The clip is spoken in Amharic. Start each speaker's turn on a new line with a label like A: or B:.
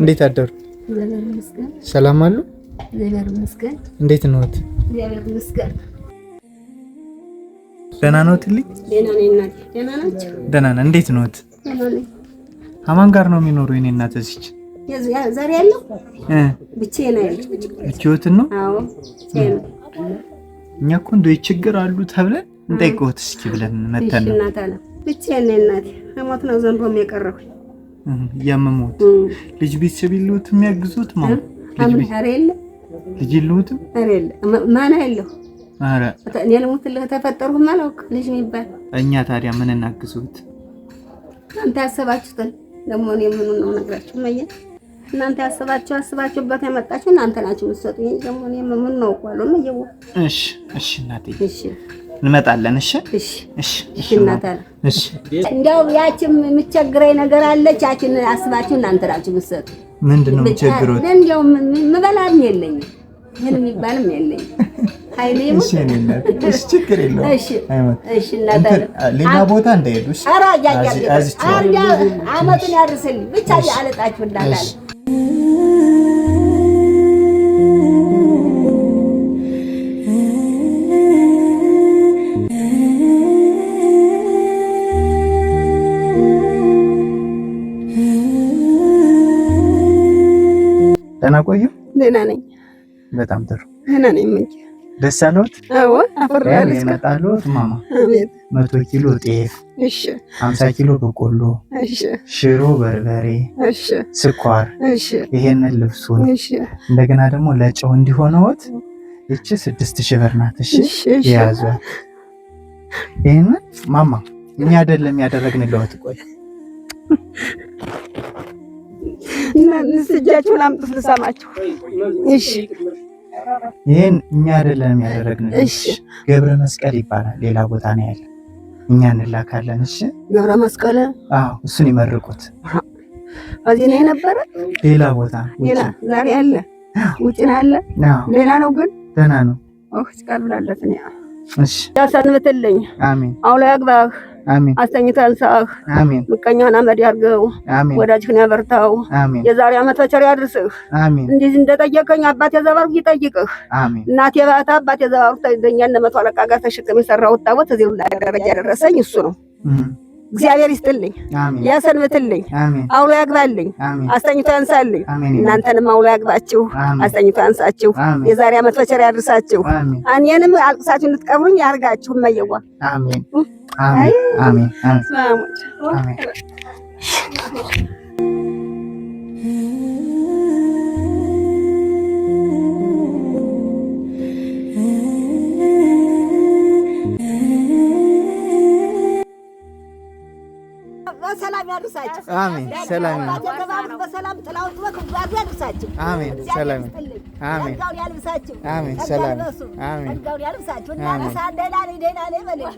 A: እንዴት አደሩ? ሰላም አሉ? እንዴት ነዎት? ደህና ነዎት? ልኝ ደህና ነን። እንዴት ነዎት? አማን ጋር ነው የሚኖሩ? የእኔ እናት እዚች
B: ዛሬ ያለው ብቻዬን አይደል?
A: ብቻዬን ነው። አዎ እኛ እኮ እንደው ችግር አሉ ተብለን እንጠይቀዎት እስኪ ብለን መተን
B: ብቻዬን ነው እናቴ። ሞት ነው ዘንድሮ የቀረሁኝ
A: የምሞት ልጅ ቤተሰብ የለሁት የሚያግዙት ማለት ኧረ የለም ልጅ የለሁትም
B: ኧረ የለም ማን አለሁ ኧረ እኔ ልሙትልህ ተፈጠሩ አላውቅ ልጅ የሚባል
A: እኛ ታዲያ ምን እናግዙት
B: እናንተ ያሰባችሁትን ደግሞ እኔ ምኑን ነው ነግራችሁ መየ እናንተ ያሰባችሁ አስባችሁበት ያመጣችሁ እናንተ ናችሁ የምትሰጡኝ ደግሞ እኔ ምኑን ነው እኮ አሉ ነው
A: እሺ እሺ እናቴ እሺ እንመጣለን። እሺ እሺ እሺ እሺ።
B: እንደው ያችም የምቸግረኝ ነገር አለች። ያቺን አስባችሁ እናንተ ናችሁ የምትሰጡ።
A: ምንድን ነው የምቸግረው?
B: እንደው የምበላም የለኝም ምን የሚባልም የለኝም።
A: ችግር የለውም። ሌላ ቦታ እንዳይሄዱ
B: አመቱን ያድርስልኝ ብቻ አለጣችሁ እንዳላለ ደህና ቆዩ። ደህና ነኝ። በጣም ጥሩ። ደህና ነኝ። ደስ አለዎት? አዎ
A: አፈራለሁ። ማማ። መቶ ኪሎ ጤፍ፣ እሺ፣ ኪሎ በቆሎ፣ እሺ፣ ሽሮ በርበሬ፣ እሺ፣ ስኳር፣ እሺ። ይሄንን ልብሱን፣ እሺ። እንደገና ደግሞ ለጨው እንዲሆነዎት እቺ ስድስት ሺህ ብር ናት። እሺ፣ የያዟት ይሄንን ማማ፣ እኛ አይደለም ያደረግንልዎት። ቆይ
B: ምስጃችሁን አምጡት ልሰማችሁ። እሺ
A: ይህን እኛ አይደለም ያደረግን። እሺ ገብረ መስቀል ይባላል። ሌላ ቦታ ነው ያለ። እኛ እንላካለን። እሺ
B: ገብረ መስቀል።
A: አዎ እሱን ይመርቁት።
B: እዚህ ነው የነበረ። ሌላ ቦታ ሌላ ዛሬ አለ። ውጭ አለ። ሌላ ነው ግን ደህና ነው። ኦህ ስቃል ብላለትን
A: እሺ አሜን። አውላ ያግባህ አሜን። አስተኝተን አሜን።
B: ምቀኛህን አመድ ያርገው አሜን። ወዳጅህን ያበርታው። አሜን። የዛሬ አመት በቸር ያድርስህ። አሜን። እንዲህ እንደጠየቀኝ አባት የዘባሩት ይጠይቅህ። አሜን። እናቴ ባታ አባት የዘባሩት ተዘኛ እነ መቶ አለቃ ጋር ተሸክም የሰራሁት ታቦት እዚህ ላይ ደረጃ ያደረሰኝ እሱ ነው። እግዚአብሔር ይስጥልኝ፣ ያሰንብትልኝ፣ አውሎ ያግባልኝ፣ አስተኝቶ ያንሳልኝ። እናንተንም አውሎ ያግባችሁ፣ አስተኝቶ ያንሳችሁ። የዛሬ አመት በቸር ያድርሳችሁ። እኔንም አልቅሳችሁ እንድትቀብሩኝ ያርጋችሁ። መየዋ Amén. Amén. Amén. በሰላም ያድርሳችሁ።
A: አሜን። ሰላም
B: ተባብሮ በሰላም ጥላውን ጥበቅ ባዙ ያድርሳችሁ።
A: አሜን። ሰላም
B: አሜን። ጸጋውን ያልብሳችሁ። አሜን። ሰላም አሜን። ጸጋውን ያልብሳችሁ እና ሳንደላ ደና በለ